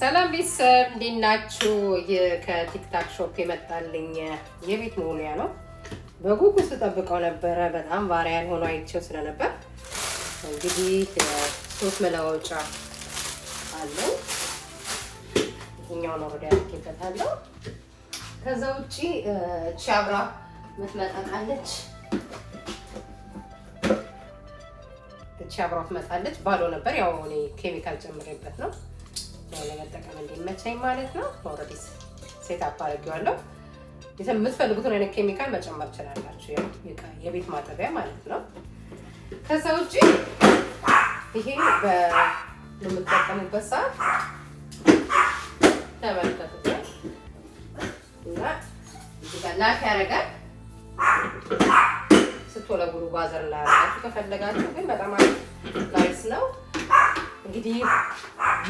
ሰላም ቤተሰብ እንዴት ናችሁ? ከቲክታክ ሾፕ የመጣልኝ የቤት መሙያ ነው። በጉጉት ስጠብቀው ነበረ። በጣም ቫይራል ሆኖ አይቼው ስለነበር እንግዲህ ሶስት መለዋወጫ አለው። እኛውን ወረዳ ያልኬበታለሁ። ከዛ ውጭ እቺ አብራ ምትመጣቃለች እቺ አብራ ትመጣለች። ባሎ ነበር ያው እኔ ኬሚካል ጨምሬበት ነው ለመጠቀም እንዲመቸኝ ማለት ነው። ኦልሬዲ ሴት አፕ አድርጌዋለሁ። የምትፈልጉትን አይነት ኬሚካል መጨመር ትችላላችሁ። የቤት ማጠቢያ ማለት ነው። ከዛ ውጭ ይሄ በምጠቀሙበት ሰዓት ተመልከቱት እና እዚህ ጋር ላክ ያደርጋል ስትወለጉሉ ባዘር ላያረጋችሁ ከፈለጋችሁ ግን በጣም ናይስ ነው። እንግዲህ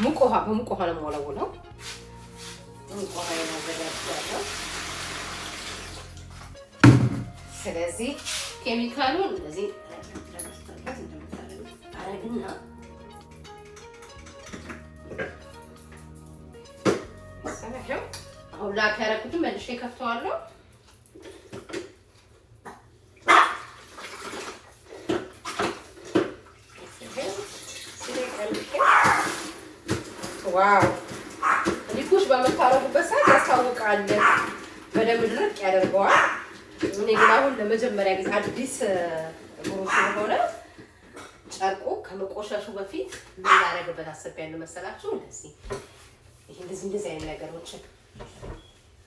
ሙቅ ውሃ በሙቅ ውሃ ነው የምወለውለው። ሙቅ ውሃ አዘጋጅቻለሁ። ስለዚህ ኬሚካሉን እንደዚህ አረግና አሁን ላክ ያደረኩትን መልሼ ከፍተዋለሁ። ሊኩሽ በምታረጉበት ሰዓት ያስታውቃል፣ በደንብ ድርቅ ያደርገዋል። እኔ ግን አሁን ለመጀመሪያ ጊዜ አዲስ ጉሩሽ ስለሆነ ጨርቁ ከመቆሸሹ በፊት ምን ላደርግበት አስቤያለሁ መሰላችሁ? እንደዚህ ይሄ እንደዚህ እንደዚህ አይነት ነገሮችን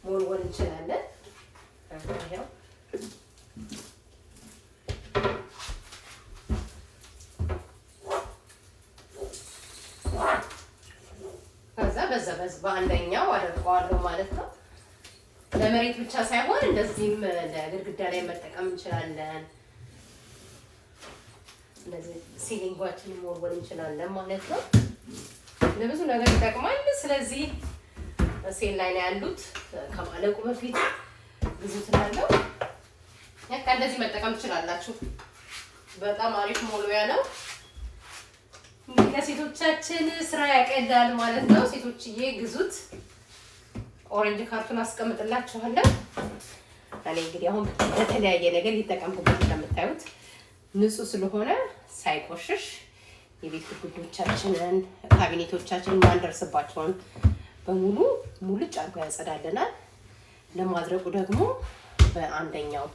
ሞልወል እንችላለን። በዘበዝ በአንደኛው አደርቀዋለሁ ማለት ነው። ለመሬት ብቻ ሳይሆን እንደዚህም ለግድግዳ ላይ መጠቀም እንችላለን። እንደዚህ ሲሊንጓችን መወርወር እንችላለን ማለት ነው። ለብዙ ነገር ይጠቅማል። ስለዚህ ሴል ላይ ነው ያሉት። ከማለቁ በፊት ብዙ ትላለው ያካ እንደዚህ መጠቀም ትችላላችሁ። በጣም አሪፍ ሞልያ ነው። እንግዲህ ለሴቶቻችን ስራ ይቀዳል ማለት ነው። ሴቶችዬ ግዙት። ኦሬንጅ ካርቱን አስቀምጥላችኋለሁ። እኔ እንግዲህ አሁን በተለያየ ነገር ሊጠቀምኩበት እንደምታዩት ንጹህ ስለሆነ ሳይቆሽሽ የቤት ግድግዶቻችንን፣ ካቢኔቶቻችንን ማንደርስባቸውን በሙሉ ሙልጭ አድርጎ ያጸዳልናል። ለማድረቁ ደግሞ በአንደኛው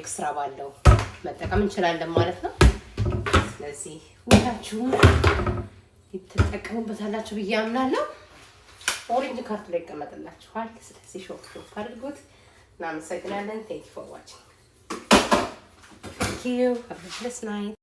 ኤክስትራ ባለው መጠቀም እንችላለን ማለት ነው። ስለዚህ ሁላችሁም ትጠቀሙበታላችሁ ብዬ አምናለሁ። ኦሬንጅ ካርቱ ላይ ይቀመጥላችኋል። ስለዚህ ሾፕ ሾፕ አድርጎት። እናመሰግናለን። ቴንክ ፎር ዋችንግ ዩ